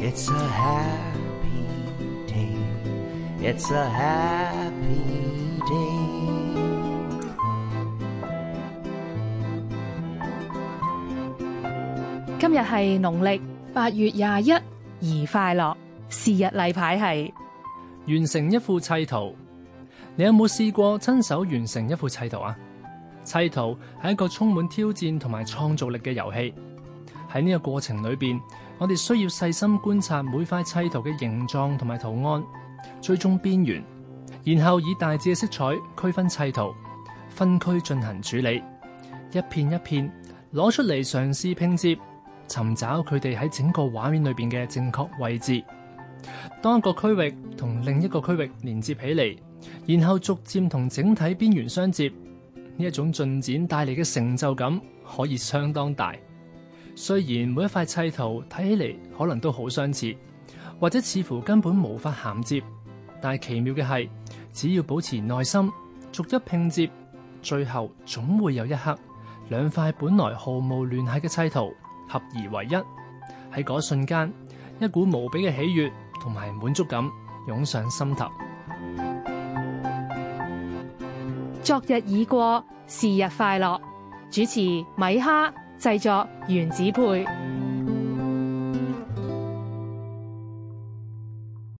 今日係農曆八月廿一，而快樂日是日例牌係完成一幅砌圖。你有冇試過親手完成一幅砌圖啊？砌圖係一個充滿挑戰同埋創造力嘅遊戲。喺呢個過程裏邊，我哋需要細心觀察每塊砌圖嘅形狀同埋圖案，追蹤邊緣，然後以大致嘅色彩區分砌圖分區進行處理，一片一片攞出嚟嘗試拼接，尋找佢哋喺整個畫面裏邊嘅正確位置。當一個區域同另一個區域連接起嚟，然後逐漸同整體邊緣相接，呢一種進展帶嚟嘅成就感可以相當大。雖然每一塊砌圖睇起嚟，可能都好相似，或者似乎根本無法銜接，但係奇妙嘅係，只要保持耐心，逐一拼接，最後總會有一刻，兩塊本來毫無聯繫嘅砌圖合而為一。喺嗰瞬間，一股無比嘅喜悅同埋滿足感湧上心頭。昨日已過，是日快樂。主持米哈。製作原子配。